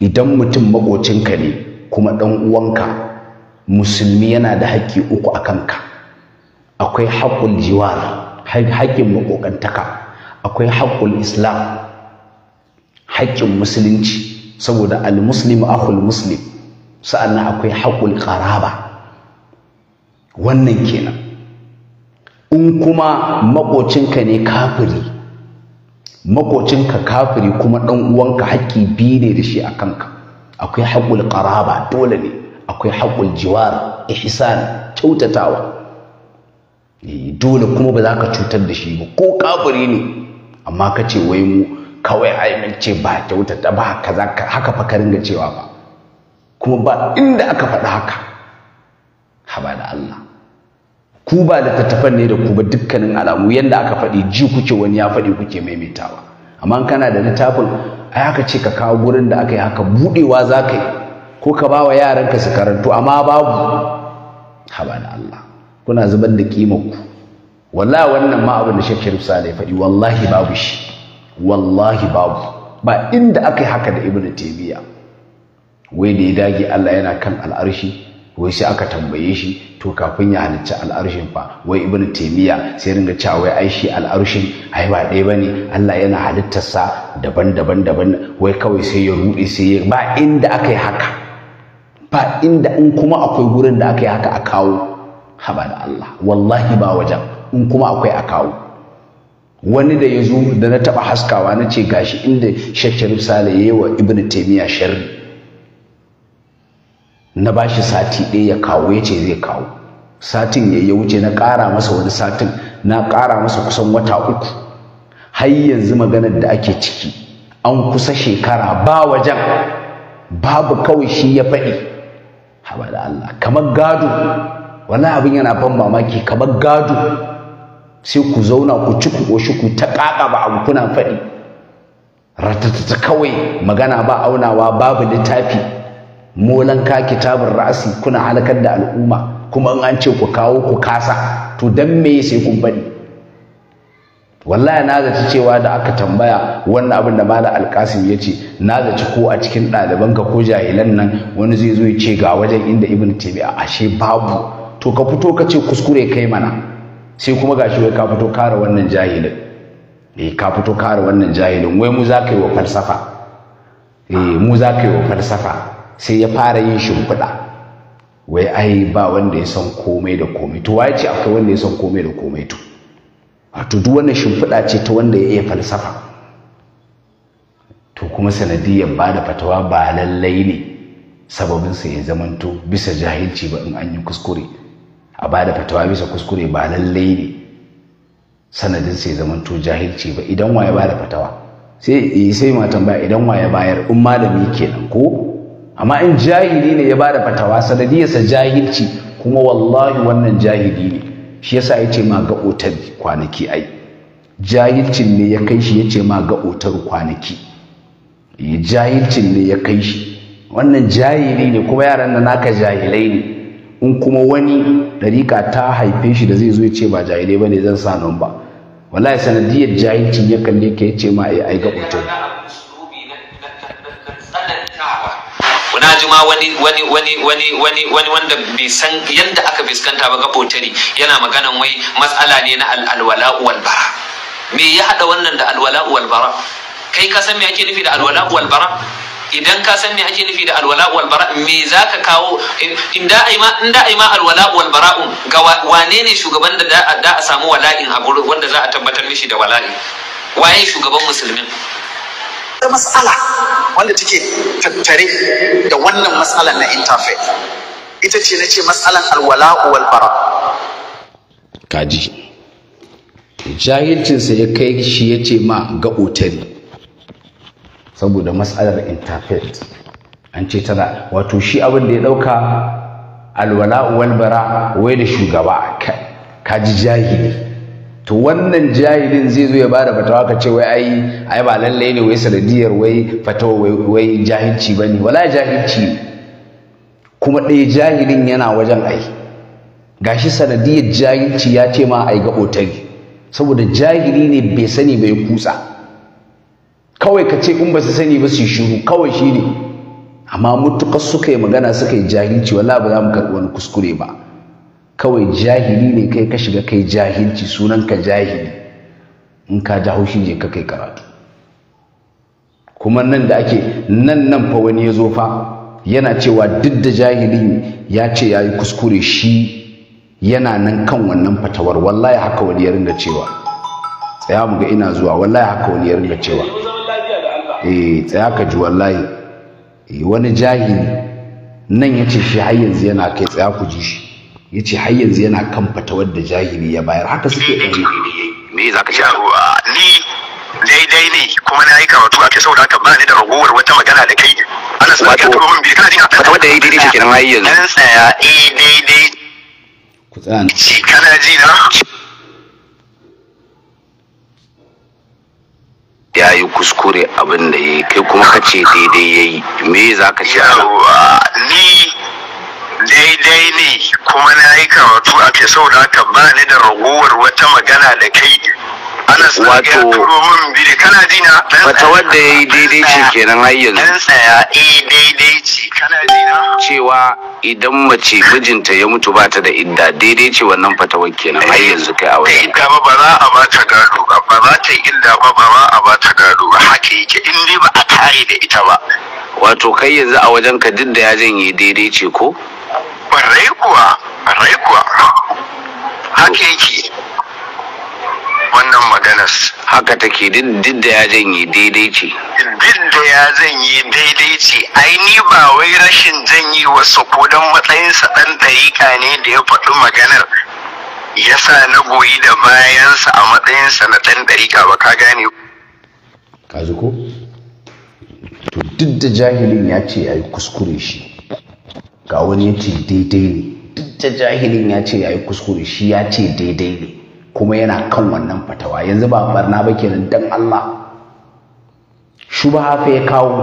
idan mutum maƙocinka ne kuma ɗan uwanka musulmi yana da haƙƙi uku a kanka akwai haƙƙul jiwar haƙƙin maƙoƙantaka akwai haƙƙul islam haƙƙin musulunci saboda almuslim ahul muslim sa'annan akwai haƙƙul ƙaraba wannan kenan in kuma maƙocinka ne kafiri makocinka kafiri kuma ɗan uwanka haƙƙi biyu ne da shi a kanka akwai haƙul ƙaraba dole ne akwai haƙul jiwar ihsan kyautatawa eh, dole kuma ba za ka cutar da shi ba ko kafiri ne amma ka ce wai mu kawai ai ce ba kyautata ba kaza haka fa ka cewa ba kuma ba inda aka faɗa haka haba da Allah ku ba littattafan ne da ku ba dukkanin alamu yadda aka faɗi ji kuke wani ya faɗi kuke maimaitawa amma kana da littafin ai aka ce ka kawo gurin da aka yi haka buɗewa za ka yi ko ka ba wa yaranka su karantu amma babu haba da Allah kuna zubar da kimar ku wallahi wannan ma abin da Sheikh Sharif Saleh faɗi wallahi babu shi wallahi babu ba inda aka yi haka da Ibn Taymiyyah wai da ya dage Allah yana kan al'arshi wai sai aka tambaye shi to kafin ya halicci al'arshin fa wai ibnu taymiya sai ringa cewa wai ai shi al'arshin ai ba ɗaya bane Allah yana halittarsa daban-daban daban wai kawai sai ya ruɗe sai ya ba inda akai haka ba inda in kuma akwai gurin da aka haka a kawo haba da Allah wallahi ba wajen in kuma akwai a kawo wani da ya zo da na taɓa haskawa na ce gashi inda shakkarif sale ya yi wa ibnu taymiya sharri na ba shi sati ɗaya ya kawo ya ce zai kawo satin ya ya wuce na ƙara masa wani satin na ƙara masa kusan wata uku har yanzu maganar da ake ciki an kusa shekara ba wajen babu kawai shi ya faɗi haba da Allah kamar gado wani abin yana ban mamaki kamar gado sai ku zauna ku ci ku ƙoshi ku ta ƙaƙa ba abu kuna faɗi ratatata kawai magana ba aunawa babu littafi Molan ka kitabun ra'asi kuna halakar da al'umma kuma in an ce ku kawo ku kasa to dan me sai kun bari wallahi na zaci cewa da aka tambaya wannan abin da malam alkasim ya ce na zaci ko a cikin ɗalibanka ko jahilan nan wani zai zo ya ce ga wajen inda ibn tabi'a ashe babu to ka fito ka ce kuskure kai mana sai kuma gashi wai ka fito kare wannan jahilin eh ka fito kare wannan jahilin wai mu za ka yi wa falsafa eh mu za ka yi wa falsafa sai ya fara yin shimfiɗa wai ai ba wanda ya san komai da komai to waye ce akwai wanda ya san komai da komai to wato duk wannan shimfiɗa ce ta wanda ya iya falsafa to kuma sanadiyar ba da fatawa ba lallai ne sababinsa ya zamanto bisa jahilci ba in an yi kuskure a ba da fatawa bisa kuskure ba lallai ne sanadinsa ya zamanto jahilci ba idan waye ba da fatawa sai sai matan ba idan waye bayar in malami kenan ko amma in jahili ne ya ba da fatawa sanadiyarsa jahilci kuma wallahi wannan jahili ne shi yasa ya ce ma ga otar kwanaki ai jahilcin ne ya kai shi ya ce ma ga otar kwanaki eh, jahilcin ne ya kai shi wannan jahili ne kuma yaran da naka jahilai ne in kuma wani ɗarika ta haife shi da zai zo ya ce ba jahilai ba ne zan sa nan ba wallahi sanadiyar jahilcin ya kalle ka ya ce ma eh, ai ga otar na ji ma wani wani wani wani wani wani wanda bai san yadda aka fuskanta ba gabotari yana maganan wai matsala ne na alwala wal bara me ya hada wannan da alwala wal bara kai ka san me ake nufi da alwala wal bara idan ka san me ake nufi da alwala wal bara me ka kawo in da ai ma in da ai ma alwala wal bara'un ga wane ne shugaban da da a samu wala'in a gurin wanda za a tabbatar mishi da wala'i waye shugaban musulmin da matsala wanda take tattare da wannan matsalan na interfaith ita ce na ce matsalan alwala'u wal bara kaji jahilcinsa ya kai shi ya ce ma ga otari saboda matsalar interfaith an ce tana wato shi abin da ya ɗauka alwala wal bara wai da shugaba kaji jahili to wannan jahilin zai zo ya bada fatawa ka ce wai ai ai ba lalle ne wai sanadiyar wai fatawa wai wai jahilci bane wala jahilci kuma ɗaya jahilin yana wajen ai gashi sanadiyar jahilci ya ce ma ai ga otari saboda jahili ne bai sani bai kusa. kawai ka ce in ba su sani ba su shiru kawai shi ne amma mutukar suka yi magana suka yi jahilci wala ba za mu karɓi wani kuskure ba kawai jahili ne kai ka shiga kai jahilci sunanka jahili in ka ji haushi je ka kai karatu kuma nan da ake nan nan fa wani ya zo fa yana cewa duk da jahilin ya ce ya yi kuskure shi yana nan kan wannan fatawar wallahi haka wani ya ringa cewa tsaya mu ga ina zuwa wallahi haka wani ya ringa cewa eh tsaya ka ji wallahi eh, wani jahili nan ya ce shi har yanzu yana kai tsaya ku ji shi ya ce har yanzu yana kan fatawar da jahili ya bayar haka suke ɗari me za ka ce ni daidai ne kuma na yi karatu a kai saboda haka ba ni da ragowar wata magana da kai ana sa ka tuba min bi kana jin fatawar da yayi daidai shi kenan yayi yanzu dan tsaya eh daidai ku tsaya ne shi kana ji na ya yi kuskure abin da ya yi kai kuma ka ce daidai ya yi me za ka ce ni daidai ne kuma na yi karatu a ke saboda aka ba ni da ragowar wata magana da kai anas na turo min biri kana jina wata wadda ya yi daidai ce kenan har yanzu dan tsaya eh daidai ce kana cewa idan mace mijinta ya mutu ba ta da idda daidai ce wannan fatawar kenan har eh, yanzu kai a wajen idda ba ba za a ba ta gado ba ba za ta idda ba ba za a ba ta gado ba haka yake in dai ba a tare da ita ba wato kai yanzu a wajen ka duk da ya janye daidai ce ko barai kuwa barai kuwa haka yake wannan maganas haka take duk da ya janye daidai ce duk da ya janye daidai ce ai ni ba wai rashin janye wasu ko don matsayinsa ɗan dariƙa ne da ya faɗi maganar ya sa na goyi da bayansa a matsayinsa na ɗan dariƙa ba ka gane ka ko to duk da jahilin ya ce ai kuskure shi ga wani ya ce daidai ne duk da jahilin ya ce ya yi kuskure shi ya ce daidai ne kuma yana kan wannan fatawa yanzu ba barna ba kenan dan Allah ba fa ya kawo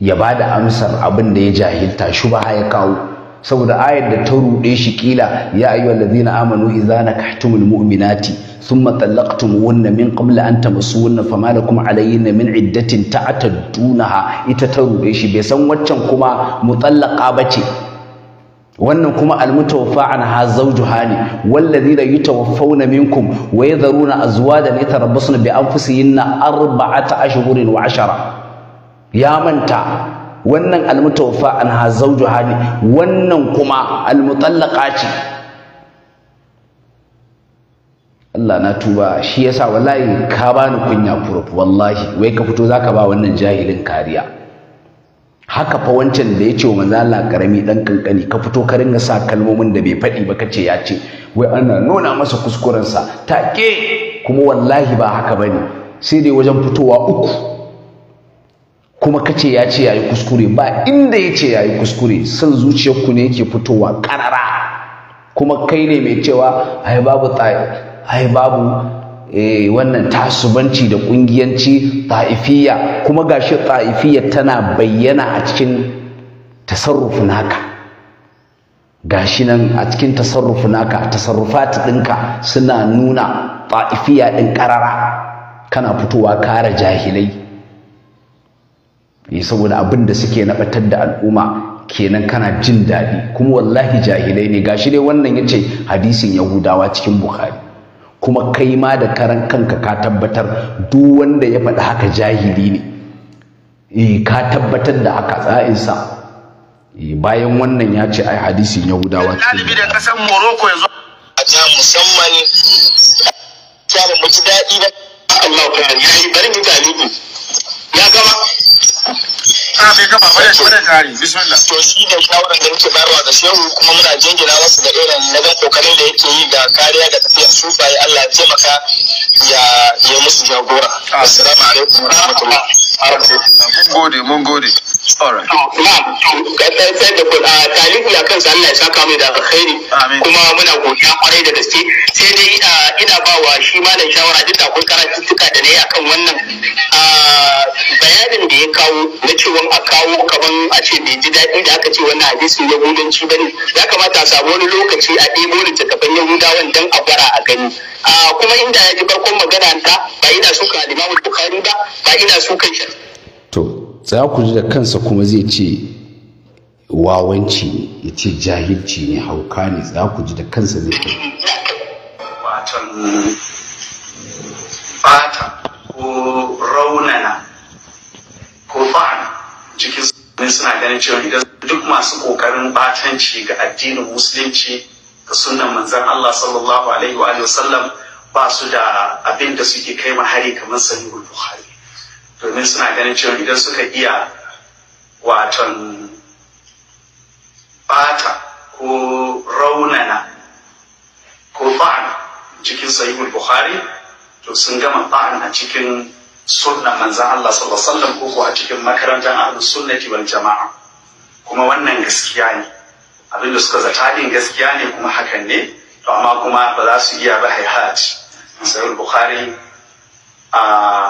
ya ba da amsar abin da ya jahilta ha' ya kawo saboda ayar da ta ruɗe shi kila ya ayyu allazina amanu idza nakahtumul mu'minati thumma talaqtumuhunna min qabli an tamassuhunna fama lakum alayhinna min iddatin ta'taddunaha ita ta ruɗe shi bai san waccan kuma mutallaqa bace wannan kuma almutawaffa an ha zawjuha ne wallazina yutawaffawna minkum wa yadharuna azwajan yatarabbasna bi anfusihinna arba'ata ashhurin wa ashara ya manta wannan almutawfa an zauju ne wannan kuma almutallaka ce Allah na tuba shi yasa wallahi ka bani kunya furup wallahi wai ka fito zaka ba wannan jahilin kariya haka fa wancan da ya ce wa manzo Allah karami dan kankani ka fito ka ringa sa kalmomin da bai fadi ba kace ya ce wai ana nuna masa kuskuren sa take kuma wallahi ba haka bane sai dai wajen fitowa uku kuma kace ya ce yayi kuskure ba inda ya ce yayi kuskure son zuciyarku ne ke fitowa karara kuma kai ne mai cewa ai babu ai babu eh, wannan tasubanci da ƙungiyanci, ta'ifiyya kuma gashi ta'ifiyya tana bayyana a cikin tasarrufu naka gashi nan a cikin tasarruf naka tasarrufat ɗinka suna nuna ta'ifiyya ɗin ƙarara kana fitowa kare jahilai Eh, saboda abin da suke nabatar da al'umma kenan kana jin daɗi kuma wallahi jahilai ne gashi dai wannan ya ce hadisin yahudawa cikin bukhari kuma kai ma da karan kanka ka tabbatar duk wanda ya faɗi haka jahili ne eh, ka tabbatar da haka tsa'insa eh, bayan wannan ya ce ai hadisin yahudawa cikin da kasan morocco yanzu a musamman ba mu daɗi ba Allah yi bari ya gama a ah, bai gama ba da shi da tare bismillah to shi ne shawaran da muke bayarwa ga shehu kuma muna jingina wasu da irin na ga kokarin da yake yi ga kariya ga tafiyar sufaye Allah ya taimaka ya ya musu jagora ah. assalamu alaikum wa rahmatullah ah, mun gode mun gode Alright. Sai da kuɗa ah, talibu ya kansa Allah ya saka mai da alkhairi kuma muna godiya kwarai da gaske sai dai ina ba wa shi malam shawara duk da akwai karatuttuka da na yi akan wannan ah, bayanin da ya kawo na cewa a kawo kaman a ce bai ji daɗi da aka ce wannan hadisin yahudanci ba ne ya kamata a samu wani lokaci a ɗebo littattafan yahudawan don a gwara a gani ah, kuma inda ya ji farkon magana ta ba ina suka limamu bukari ba ba ina sukan shi. za ku ji da kansa kuma zai ce wawanci ya ce jahilci ne hauka ne za ku ji da kansa zai ce watan bata ko raunana ko ba'ana cikin sabbin suna ganin cewa idan duk masu kokarin batanci ga addinin musulunci da sunan manzan Allah sallallahu alaihi wa sallam ba su da abin da suke kai hari kamar sahihul bukhari domin suna ganin cewa idan suka iya waton bata ko raunana ko ba'an cikin sahihul bukhari to sun gama ba'an a cikin sunna manzan Allah sallallahu wasallam ko a cikin makarantar ahlus sunnati wal jama'a kuma wannan gaskiya ne Abin da suka zata din gaskiya ne kuma hakan ne to amma kuma ba za su iya ba haihaji sahihul bukhari a ah,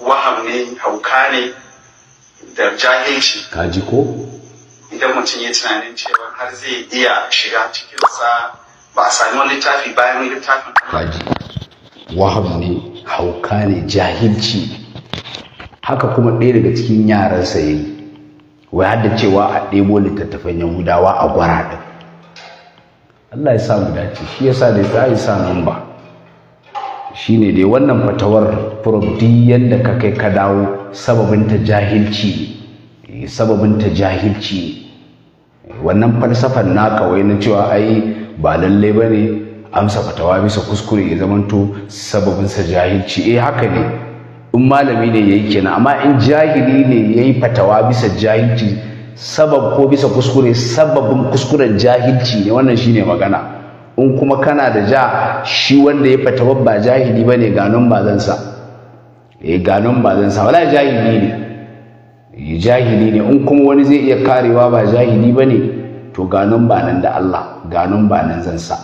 waham ne hauka ne da jahilci kaji ko idan mutum ya tunanin cewa har zai iya shiga cikin sa, ba a sami wani littafi bayan littafin kaji waham ne hauka ne jahilci haka kuma ɗaya daga cikin yaransa sa yi wai har da cewa a ɗebo littattafan yahudawa a gwara ɗin Allah ya sa mu dace shi yasa da ya sa nan ba shine dai wannan fatawar furubdi yadda ka kai ka dawo ta jahilci eh, sababin ta jahilci eh, wannan falsafan na wai na cewa ai ba lallai ba ne amsa fatawa bisa kuskure ya zamanto sa jahilci eh haka ne in malami ne yayi kenan amma in jahili ne yayi fatawa bisa jahilci sabab ko bisa kuskure sababin kuskuren jahilci ne wannan shine magana in kuma kana da ja shi wanda ya fata ba jahili ba ne ganon bazansa eh ganon bazansa wala jahili ne eh, jahili ne in kuma wani zai iya karewa ba jahili ba ne to ganon ba nan da Allah ganon ba nan zansa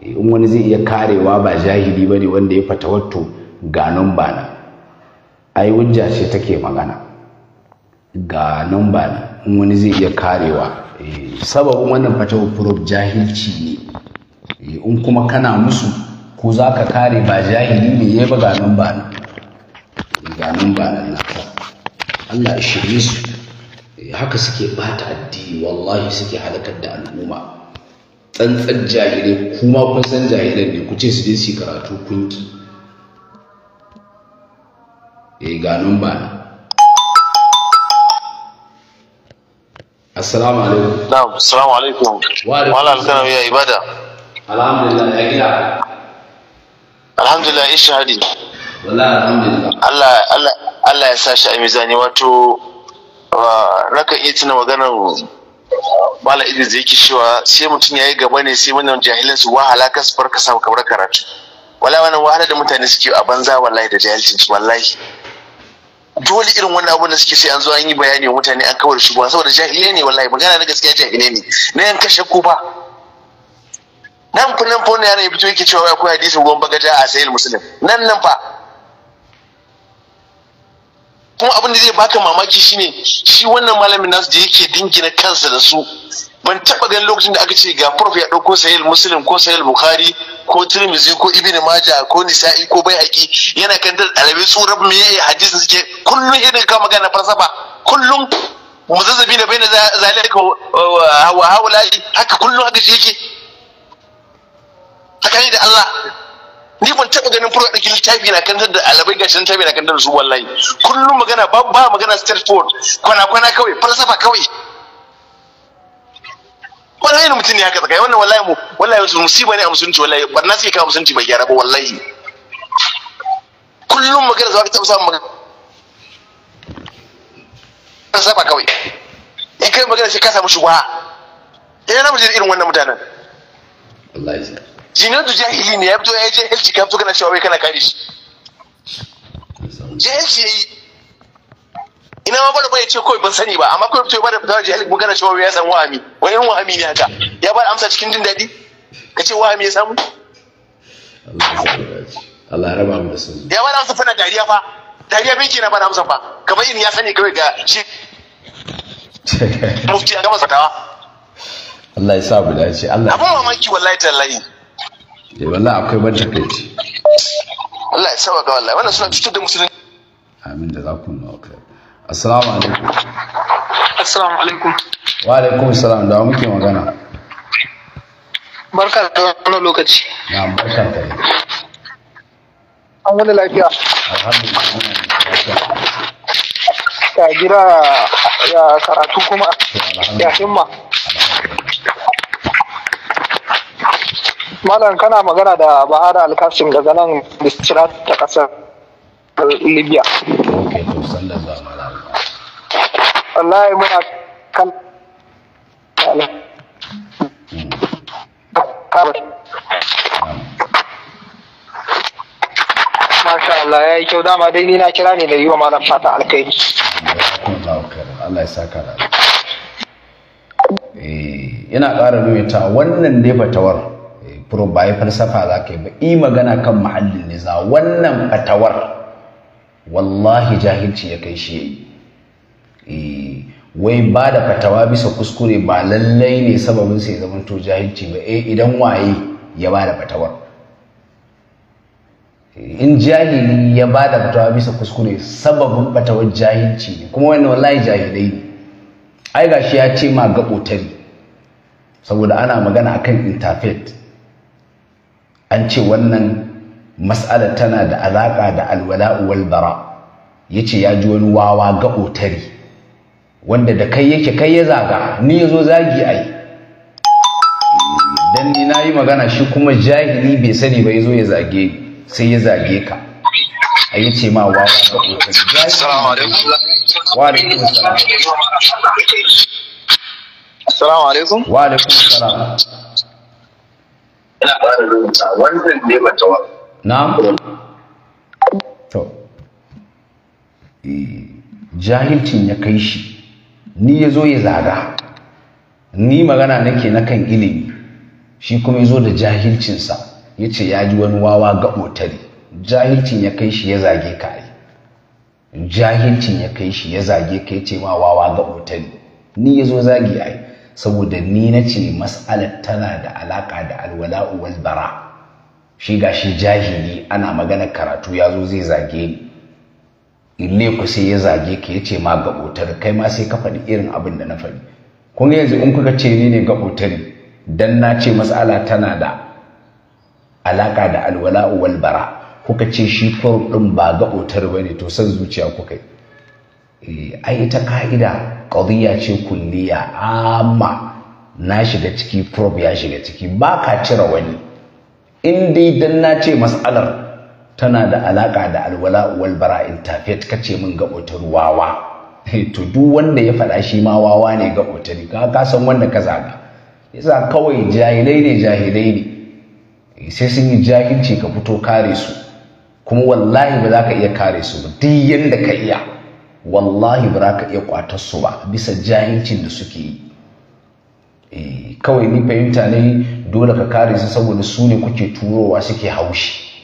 eh, in wani zai iya karewa ba jahili ba ne wanda ya fata wato ganon ba nan ai wujja ce take magana ganon ba nan in wani zai iya karewa eh, sababin wannan fata wato jahilci ne Eh, in kuma kana musu ko za ka kare ba jahili ne ya ba ganin ba nan eh, ganin ba nan Allah ya shirye su eh, haka suke bata addini wallahi suke halakar da al'umma tsantsar jahilai kuma kun san jahilan ne ku ce su je su karatu kunki eh ganin ba nan assalamu alaikum na'am assalamu alaikum wa alaikum ya ibada alhamdulillah ya gida alhamdulillah alhamdulillah Allah ya sa shi a mizani wato raka iya tuna maganar mala idin zai ki cewa sai mutum ya yi gaba ne sai wannan jahilin su wahala ka su farka samu kamar karatu wala wannan wahala da mutane suke a banza wallahi da jahilcin su wallahi dole irin wannan abun da suke sai an zo an yi bayani wa mutane an kawar shi ba saboda jahilai ne wallahi magana na gaskiya jahilai ne na yan kashe ko ba nan fa nan fa wannan ya fito yake cewa akwai hadisin ruwan bagaja a sayil muslim nan nan fa kuma abin da zai baka mamaki shine shi wannan malamin nasu da yake dingina kansa da su ban taba ganin lokacin da aka ce ga prof ya dauko sayil muslim ko "sayil bukhari ko tirmidhi ko ibini majah ko nisa'i ko bai'aqi yana kan da dalibai tsoron me yayi hadisin suke kullun irin ka magana falsafa kullun zazzabi na baina zalika wa haula haka kullun haka shi yake tsakani da Allah ni ban taɓa ganin furo ɗauki littafi na kan da alabai gashi littafi na kan da su wallahi kullum magana ba ba magana straight forward kwana kwana kawai falsafa kawai wallahi ne mutum ne haka tsakai wannan wallahi mu wallahi su musiba ne a musulunci wallahi barna suke kawo musulunci bai gyara ba wallahi kullum magana za ka taɓa samun magana falsafa kawai in kai magana sai ka samu shugaba ina eh, na mutum irin wannan mutanen wallahi jinadu jahili ne ya fito ya yi jahilci ka fito kana cewa wai kana kare shi jahilci ya yi ina ma bada bai ce kawai ban sani ba amma kawai fito ya bada fita jahilci kuma kana cewa wai ya san wahami wani irin wahami ne haka ya bada amsa cikin jin daɗi ka ce wahami ya samu Allah ya raba mu sun ya bada amsa fana dariya fa dariya bai kenan bada amsa fa kamar in ya sani kawai ga shi mufti ya gama satawa Allah ya sa mu dace Allah abin mamaki wallahi tallahi da eh, wallahi akwai ban takaici Allah ya saba ga wallahi wannan suna cutar da musulunci amin da za ku nuna kai assalamu alaikum assalamu alaikum wa alaikum assalam da muke magana barka da wannan lokaci na barka da an wani lafiya alhamdulillah ya gida ya karatu kuma ya himma malam kana magana da bahara alkasim daga nan distirat ta kasar libya wallahi muna kan Masha Allah ya yi kyau dama dai ni na kira ne da yi wa malam fata alkairi. Allah ya saka da. Eh, ina ƙara ta wannan ne fatawar furo ba ya falsafa za ka yi ba i magana kan muhallin niza wannan fatawar wallahi jahilci ya kai shi eh, wai ba da fatawa bisa kuskure ba lallai ne sababin sai zama to jahilci ba eh idan waye ya ba da fatawar eh, in jahili ya ba da fatawa bisa kuskure sababin fatawar jahilci ne kuma wannan wallahi jahilai ne ai gashi ya ce ma gaɓotari saboda ana magana akan interfaith an ce wannan mas'ala tana da alaƙa da alwala'u wal bara yace ya ji wani wawa ga otari wanda da kai yake kai ya zaga ni yazo zagi ai dan ni nayi magana shi kuma jahili bai sani ba yazo ya zage sai ya zage ka a yace ma wawa ga otari assalamu alaikum wa alaikum assalam assalamu alaikum wa alaikum assalam yana fara rubuta wannan ne matawa na'am to eh, jahilcin ya kai shi ni ya zo ya zaga ni magana nake na kan ilimi shi kuma ya zo da jahilcinsa ya ce ya ji wani wawa ga otari jahilcin ya kai shi ya zage ka jahilcin ya kai shi ya zage kai ce ma wawa ga otari ni ya zo zage ai saboda ni na ce mas'alar tana da alaƙa da alwala wal bara shi gashi jahili ana magana karatu ya zo zai zage ni ille ku sai ya zage ka ya ce ma gabotar kai ma sai ka faɗi irin abin da na faɗi kun yanzu in kuka ce ni ne gaɓotari dan na ce mas'ala tana da alaƙa da alwala wal bara kuka ce shi kwarɗin ba gabotar ba ne to san zuciya kuka yi Eh, ai ita ka'ida ƙauriya ce kulliya amma na shiga ciki prob ya shiga ciki ba ka cire wani in dai dan na ce mas'alar tana da alaƙa da alwala walbara bara intafet ka ce min gaɓotar wawa eh, to duk wanda ya faɗa shi ma wawa ne gaɓotar ka ka san wanda ka zaɓa yasa kawai jahilai ne jahilai ne eh, sai sun yi jahilci ka fito kare su kuma wallahi ba za ka iya kare su ba duk yadda ka iya wallahi ba za ka iya kwatar su ba bisa jahincin da suke yi eh, kawai ni fahimta ne dole ka kare su saboda su ne kuke turowa suke haushi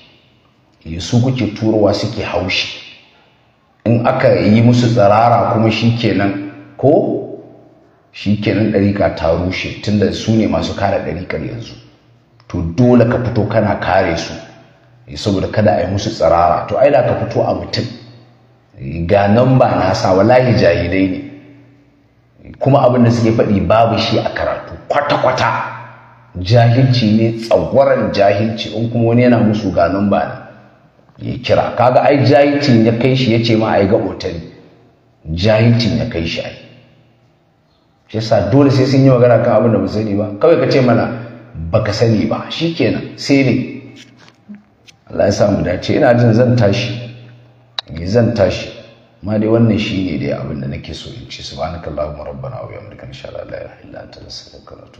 eh, su kuke turowa suke haushi in aka yi musu tsarara kuma shi kenan ko shi kenan ɗarika ta rushe tunda su ne masu kare ɗarikar yanzu to dole ka fito kana kare su eh, saboda kada a yi musu tsarara to ai da ka fito a mutum ga nan ba na sa wallahi jahilai ne kuma abin da suke faɗi babu shi a karatu kwata-kwata jahilci ne tsagwaran jahilci in kuma wani yana musu ga nan ba ya kira kaga ai jahilcin ya kai shi ya ce ma a yi ga otal jahilcin ya kai shi ai shi yasa dole sai sun yi magana kan abin da ba sani ba kawai ka ce mana baka sani ba shikenan sai ne Allah ya sa dace ina jin zan tashi me eh, zan tashi ma dai wannan ne dai abin da nake so in ci subhanakallahumma rabbana wa bihamdika insha Allah la ilaha illa anta astaghfiruka wa atubu